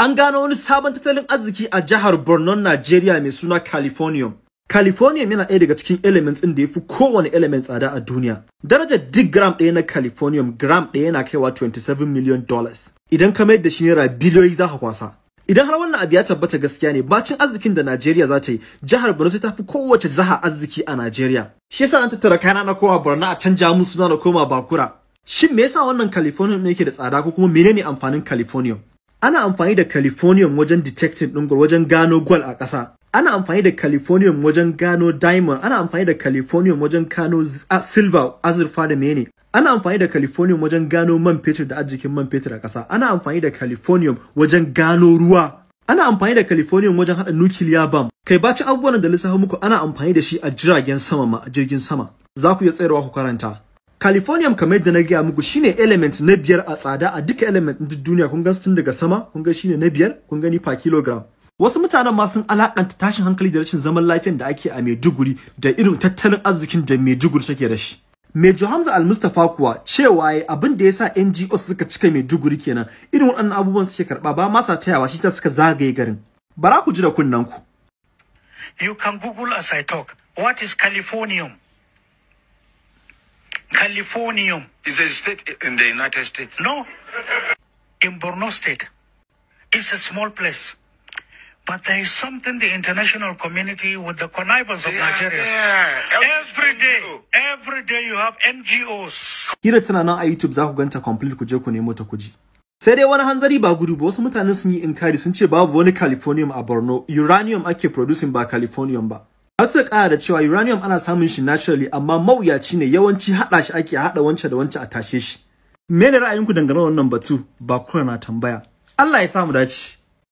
an gano wani sabon tattalin arziki a jihar Borno Nigeria, mai suna Californium Californium yana ɗaya daga cikin elements ɗin da ya fi kowane element tsada a duniya. Darajar duk gram ɗaya na Californium gram ɗaya yana kaiwa 27 million dollars. Idan ka mayar da shi naira biliyoyi za ka kwasa. Idan har wannan abu ya tabbata gaskiya ne bacin arzikin da Najeriya za ta yi, jihar Borno sai ta fi kowace jiha arziki a Najeriya. Shi yasa na tattara kaina na koma Borno a canja musu suna na koma Bakura. Shin me yasa wannan Californium ne yake da tsada ko kuma menene amfanin Californium? ana amfani da californium wajen detecting ɗin wajen gano gwal a ƙasa ana amfani da californium wajen gano diamond ana amfani da californium wajen gano silver azurfa da mene ana amfani da californium wajen gano man fetur da arzikin man fetur a ƙasa ana amfani da californium wajen gano ruwa ana amfani da californium wajen haɗa nukiliya bam kai bacin abubuwan da lissafa muku ana amfani da shi a jiragen sama ma a jirgin sama za ku iya tsayarwa ku karanta Californium kamar da na gaya muku shine element na biyar a tsada a duka element na duniya kun ga tun daga sama kun ga shine na biyar kun gani per kilogram. Wasu mutanen ma sun alakanta tashin hankali da rashin zaman lafiyan da ake a Maiduguri da irin tattalin arzikin da Maiduguri take da shi. Major Hamza Al-Mustafa kuwa cewa ai abin da yasa NGO suka cika Maiduguri kenan irin waɗannan abubuwan suke karɓa ba ma sa tayawa shi sa suka zagaye garin. Bara ku ji da kunnen ku. You can Google as I talk. What is Californium? Californium. Is a state in the United States? No. In Borno State. It's a small place. But there is something the international community with the connivance of yeah, Nigeria. Yeah. Every day, every day you have NGOs. Here tana nan a YouTube za going ganta complete ku je ku nemo ta Sai dai wani hanzari ba gudu ba wasu mutanen sun yi inkari sun ce babu wani Californium a Borno, uranium ake producing ba Californium ba. suka kara da cewa uranium ana samun shi naturally amma mawuyaci ne yawanci hada shi ake hada wance da wance a tashe shi Mene ra'ayinku dangane wannan batu ba na tambaya Allah ya samu dace